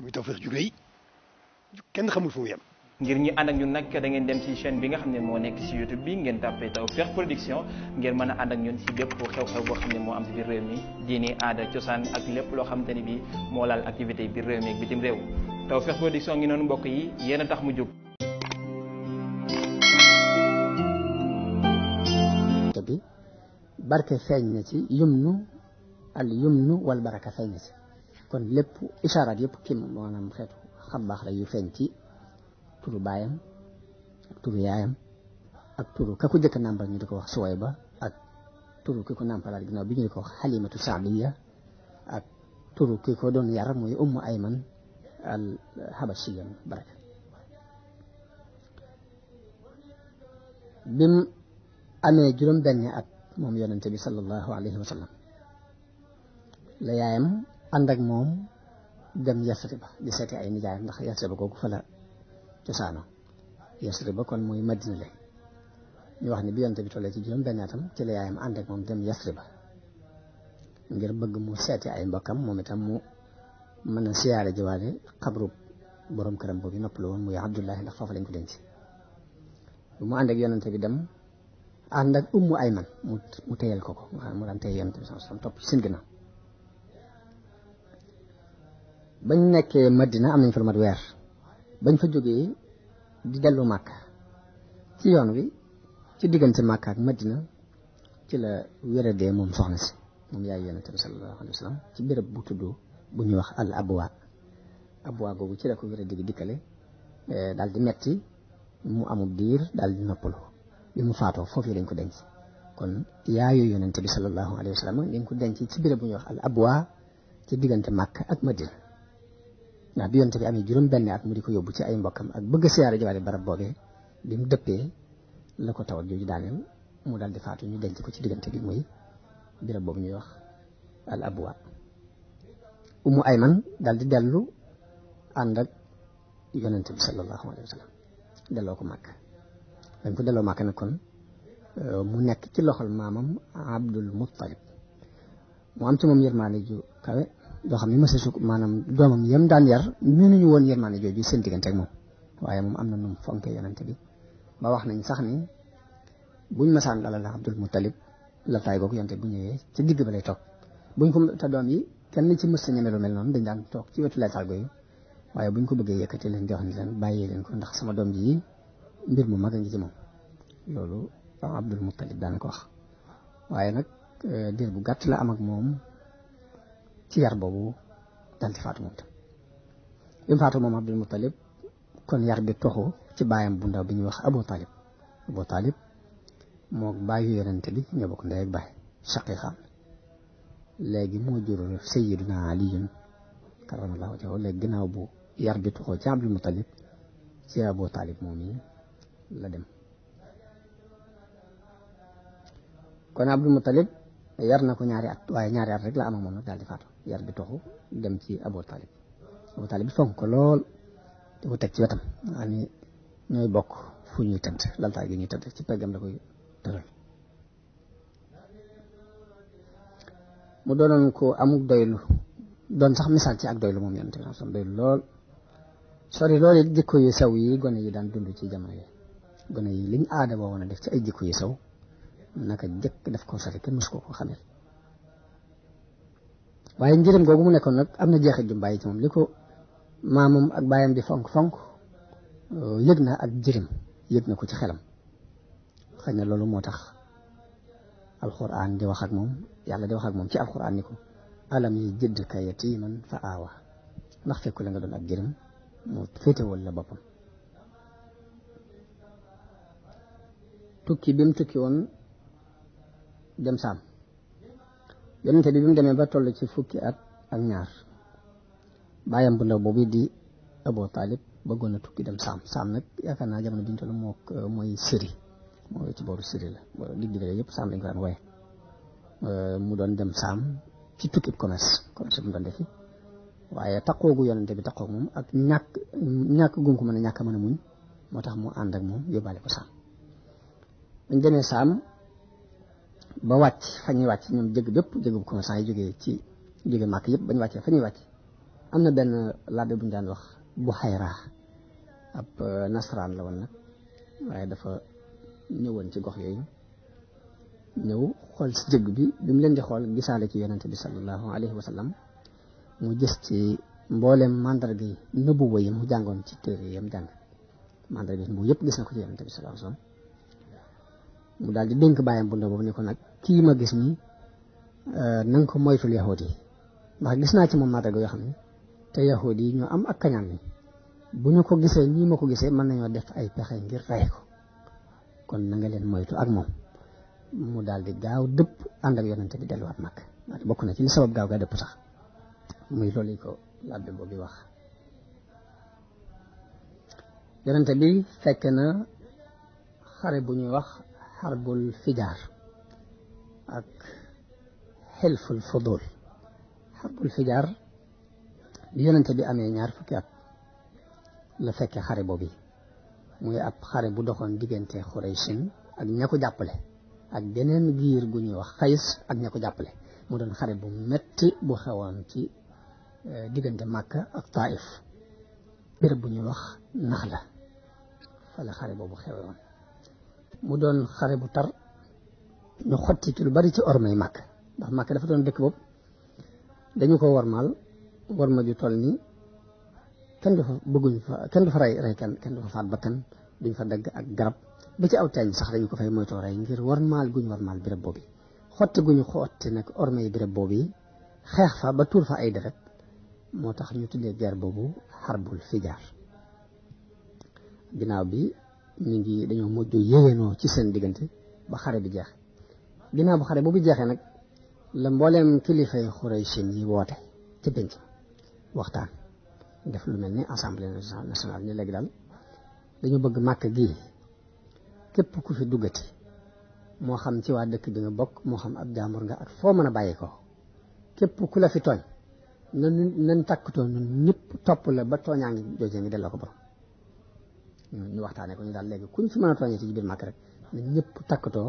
muy Tawfekh ju rëy kenn xamul fu mu ngir ñi ànd ak ñun nag da ngeen dem ci chaîne bi nga xam ne moo nekk ci YouTube bi ngeen tàppee Tawfekh Production ngeen mën a ànd ak ñun ci bépp xew-xew boo xam ne moo am ci biir réew mi diini aada cosaan ak lépp loo xamante ni bii moo laal activité yi biir réew mi ak bitim réew Tawfekh Production ngi noonu mbokk yi yéen a tax mu jóg. bi barke feeñ na ci yumnu al yumnu wal baraka feeñ kon lépp ishaaraat yëpp kim maanaam xeetu xam baax la yu feeñ ci turu baayam ak turu yaayam ak turu ka ko jëkk nàmpal ñu di ko wax Suwayba ak turu ki ko nàmpalaat ginnaaw bi ñu di ko wax Xalimatu Saabiya ak turu ki ko doon yar muy Ummu Ayman al Habashiya baraka bim amee juróom benn at moom yonente bi sallallahu alayhi wa la yaayam ànd ak moom dem Yasriba di seeti ay nijaayam ndax Yasriba kooku fa la cosaano Yasriba kon muy Madina la ñu wax ni bi yonte bi tollee ci juróom benn atam ci la yaayam ànd ak moom dem Yasriba ngir bëgg mu seeti ay mbokkam moom itam mu mën a siyaare jiwaale xabru borom këram boobu noppalu mu muy Abdullahi ndax foofu lañ ko denc bu mu ànd ak yonente bi dem ànd ak ay ayman mu mu téyal ko ko mu daan téye yonente bi sama topp ci bañ nekkee Madina am nañ fa lu mat weer bañ fa jógee di dellu màkk ci yoon wi ci diggante Màkka ak Madina ci la wéradee moom soxna si moom yaay yonente bi sallallahu alayhi wa sallam bu tudd bu ñuy wax al abwa abwa googu ci la ko wéradi gi eh, daal di metti mu amub diir daal di noppalu bi mu faatoo foofu lañ ko denc kon yaayu yonente bi sallallahu alayhi wa sallam lañ ko denc ci béréb bu ñuy wax al abwa ci diggante Màkka ak Madina ndax bi yonte bi amee juróom benn at mu di ko yóbbu ci ay mbokkam ak bëgg siyaare jiwaale barab boobee bi mu dëppee la ko tawat jooju daaneel mu daal di faatu ñu denc ko ci diggante bi muy birab boobu ñuy wax al abwa umu ayman daal di dellu ànd ak delloo ko màkk dañ ko delloo màkk nag kon euh, mu nekk ci loxol maamam abdul muttalib mu am ci moom yërmaane yoo xam ne mos a sukk maanaam doomam yem daan yar mënuñu woon yërmaane jooju seen diggante ak moom waaye moom am na nu mu fonkee yonante bi ba wax nañ sax ni buñ masaan dalal la Abdul Muttalib la taay googu yonante bu ñu ci digg ba lay toog buñ ko te doom yi kenn ci mës sa ñeme lu mel dañ daan toog ci wetu laytaal googu buñ ko bëggee yëkkati leen di wax ni leen bàyyee leen ko ndax sama doom ji mbir mu mag a ngi ci moom loolu Abdul Muttalib daan ko wax waaye nag eh, diir bu gàtt la am moom ci yar boobu dal di faatu moom tam bi mu faatu moom Abdul Muttalib kon yar bi ci bayam bu ndaw bi ñuy wax Abu Talib Abu Talib moo bàyyi yonente bi ñoo bokk ndey ak baay shaqiqaan léegi moo jur Sayyiduna Aliyun karamallahu wajhahu léegi ginnaaw bu yar bi toxoo ci Abdul Abu Talib moom yi la dem kon Abdul Muttalib yar na ko ñaari at waaye ñaari at rek la ama moom nag daal faatu yar bi toxu dem ci Abu Talib Abu Talib fonk ko lool di ko teg ci wetam xam ñooy bokk fu ñuy tëdd laltaay gi ñuy tëdd ci peggam da koy tëral mu doonoon ko amuk doylu doon sax misaal ci ak doylu moom yonent bi sam doylu lool sori loolu it jikko yu sew yi gone yi daan dund ci jamono yi gone yi liñ aada boo woon def ci ay jikko yu sew naka jëkk def ko sori kenn mësu ko ko xamel waaye njëriñ googu mu nekkoon nag am na jeexit jum bàyyi ci moom li ko maamam ak baayam bi fonk-fonk euh, yëg na ak njëriñ yëg na ko ci xelam xëy na loolu moo tax alxuraan di wax ak moom yàlla di wax ak moom ci alxuraan ni ko alam yajidka yatiiman fa aawa ndax fekku la nga doon ak njëriñ mu féetewal la boppam tukki bi mu tukki woon dem saam yonente bi bi mu demee ba toll ci fukki at ak ñaar bàyyam bu ndaw boobu di Abu Talib bëggoon na tukki dem saam saam nag yaakaar naa jamono bi ñu moo mooy Syrie mooy ci booru Syrie la digg bi yëpp saam lañ ko daan wooye euh, mu doon dem saam ci tukki commerce commerce bu mu doon defi waaye taqoogu yonente bi taqoog moom ak ñàkk ñàkk gum ko mën a ñàkk mën a muñ moo tax mu ànd mu moom yóbbaale saam buñ demee saam ba wàcc fa ñuy wàcc ñoom jëgg bépp jëgg bu commerçant yi jógee ci jógee màkk yëpp ba ñu wàccee fa wàcc am na benn laabe bu ñu daan wax bu xayra ab euh, nasaraan la woon nag waaye dafa ñëwoon ci gox yooyu ñëw xool ci jëgg bi bi mu leen di xool gisaale ci yonente bi sallallahu alayhi wa sallam mu gis ci mboolem mandarga yi nëbbuwa yi mu jàngoon ci téere yi mu jàng mandarga yi mu yëpp gis na ko ci yonente bi sallallahu alayhi mu daal di dénk bàyyam bu ndaw ko nag kii ma gis nii euh, na nga ko moytul yahud yi ndax gis naa ci moom màndarga yoo xam ne te yahud yi ñoo am ak kañaan ni bu ñu ko gisee ñii ma ko gisee mën nañoo def ay pexe ngir rey ko kon na nga leen moytu ak moom mu daal di gaaw dëpp ànd ak yonente bi delluwaat mag bokk na ci li sabab gaaw gaa dëpp sax muy loolu ko labbe boobu wax yonente bi fekk na xare bu ñuy wax xarbul fijaar ak xelful fudul xarbul fijaar bi bi amee ñaar fukki at la fekke xare boobu muy ab xare bu doxoon diggante xuraysin ak ña ko jàppale ak beneen giir gu ñuy wax xays ak ña ko jàppale mu doon xare bu metti bu xewoon ci eh, diggante Makka ak Taif béréb bu ñuy wax nax la fa la xare boobu xewoon mu doon xare tar ñu xotti ci lu bari ci ormay màkk ndax màkk dafa doon dëkk boobu dañu ko warmaal ma ju toll nii kenn du fa bëgguñu fa kenn du fa rey rey kenn kenn du fa faat bakkan duñ fa dagg ak garab ba ci aw teeñ sax dañu ko fay moytoo rey ngir warmaal guñu warmaal béréb boobu xotti guñu xotti nag ormay béréb boobu xeex fa ba tuur fa ay deret moo tax ñu tuddee guerre boobu xarbul fijaar ginnaaw bi ñu ngi dañoo mujj yéwénoo ci seen diggante ba xare bi jeex ginnaaw bu xare bu jeexee nag la mbooleem kilifay Xuraysin yi woote ci penc waxtaan def lu mel ni assemblée nationale ni léegi daal dañu bëgg màkk gi képp ku fi duggati moo xam ci waa dëkk bi nga bokk moo xam ab jaambur nga ak foo mën a bàyyi ko képp ku la fi tooñ na nan takkutoo ñun ñëpp topp la ba tooñaa ngi joojee ngi delloo ko borom ñu waxtaanee ko ñu daal léegi kuñ fi mën a tooñee ci biir màkk rek na ñëpp takkutoo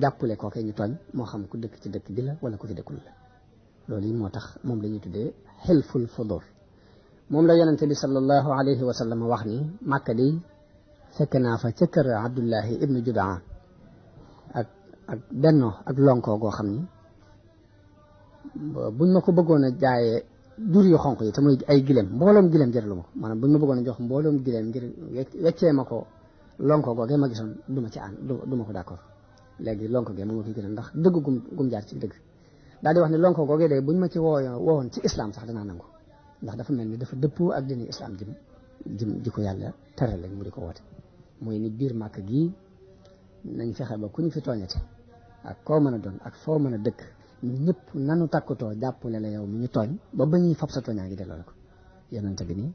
jàppale kooke ñu tooñ moo xam ku dëkk ci dëkk bi la wala ku fi dëkkul la loolu yi moo tax moom la ñuy tuddee xilful fudur moom la yonente bi sallallahu alayhi wa sallam wax ni màkka di fekk naa fa ca kër abdullahi ibnu jubaa ak ak benno ak lonkoo goo xam ni buñ ma ko bëggoon a jaayee jur yu xonq yi te muy ay gileem mbooloom gileem jëralu ma ko maanaam buñ ma bëggoon a jox mbooloom gileem ngir weccee ma ko lonkoo googee ma gisoon du ma ci ànd du ma ko d'accord léegi lonko gee mu ma fi gën a ndax dëgg gum gum jaar ci dëgg daal di wax ne lonko googee de buñ ma ci wooyo woowoon ci islam sax danaa nangu ndax dafa mel ni dafa dëppoo ak dini islam jim jim ji ko yàlla tere lañ mu di ko woote mooy ni biir màkk gii nañ fexe ba ku ñu fi tooñate ak koo mën a doon ak foo mën a dëkk ñëpp nanu takkutoo jàppale la yow mi ñu tooñ ba ba ñuy fab sa tooñaa ngi delloo la ko yonente bi nii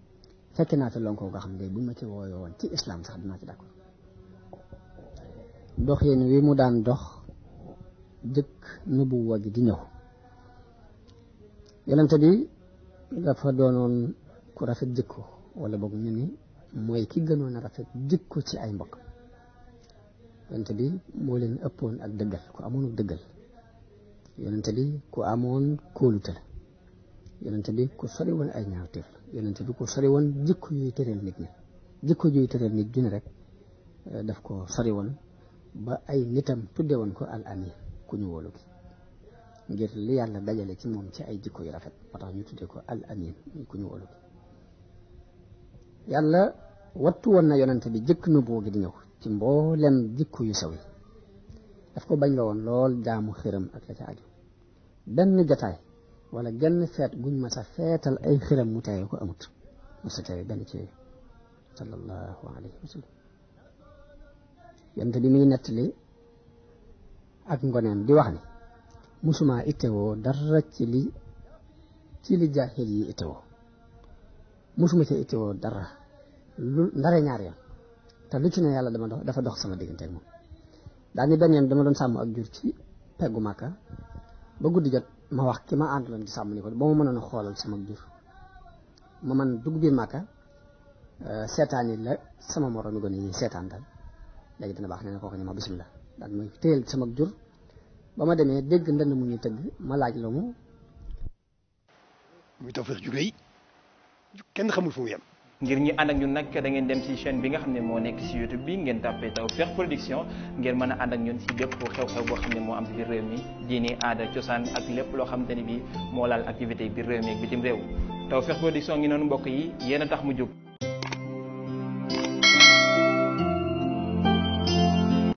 fekk naa fi lonko nga xam ne buñ ma ci wooyo woon ci islam sax danaa ci d'accord doxin wi mu daan dox jëkk nubuwa gi di ñëw yonente bi dafa doonoon ku rafet jikko wala boog ñu ni mooy ki gënoon a rafet jikko ci ay mbokk yonente bi moo leen ëppoon ak dëggal ku amoon ak dëggal yonente bi ku amoon kóolute la yonente bi ku sori woon ay ñaawteef la yonente bi ku sori woon jëkk yuy tëral nit ñi jikko yuy tëral nit ju ne rek eh, daf ko sori woon ba ay nitam tudde woon ko al amin ku ñu wóolu gi ngir li yàlla dajale ci moom ci ay jikko yu rafet moo tax ñu tudde ko al amin ku ñu wóolu gi yàlla wattu woon na yonante bi jëkk na boo gi di ñëw ci mboolem jikko yu saw yi daf ko bañ la woon lool jaamu xëram ak la ca aju benn jataay wala genn feet guñ ma sa feetal ay xëram mu tere ko amut mu sa tere benn ci alayhi wa yonent bi mi ngi nettali ak ngoneem di wax ni musuma ittewoo dara ci li ci li jaahil yi ittewoo musuma ci ittewoo dara lu ndare ñaar yoon te lu ci ne yàlla dama dox dafa dox sama diggante ak moom daal ni benn dama doon sàmm ak jur ci peggu màkka ba guddi jot ma wax ki ma àndaloon di sàmm ni ko ba ma mënoon a xoolal sama jur ma man dugg biir màkka euh, seetaani la sama moromi gone yi seetaan daal léegi dina baax nee na kooku ne ma bisimilah daal mooy téyel sama jur ba ma demee dégg ndënd mu ñuy tëgg ma laaj la mu. muy Tawfekh jugee yi kenn xamul fu mu yem. ngir ñi ànd ak ñun nag da ngeen dem ci chaîne bi nga xam ne moo nekk ci YouTube bi ngeen tàppee Tawfekh Production ngeen mën a ànd ak ñun ci bépp xew-xew boo xam ne moo am ci biir réew mi diini aada cosaan ak lépp loo xamante ni bi moo laal activité biir réew mi ak bitim réew Tawfekh Production ngi mbokk yi yéen a tax mu jóg.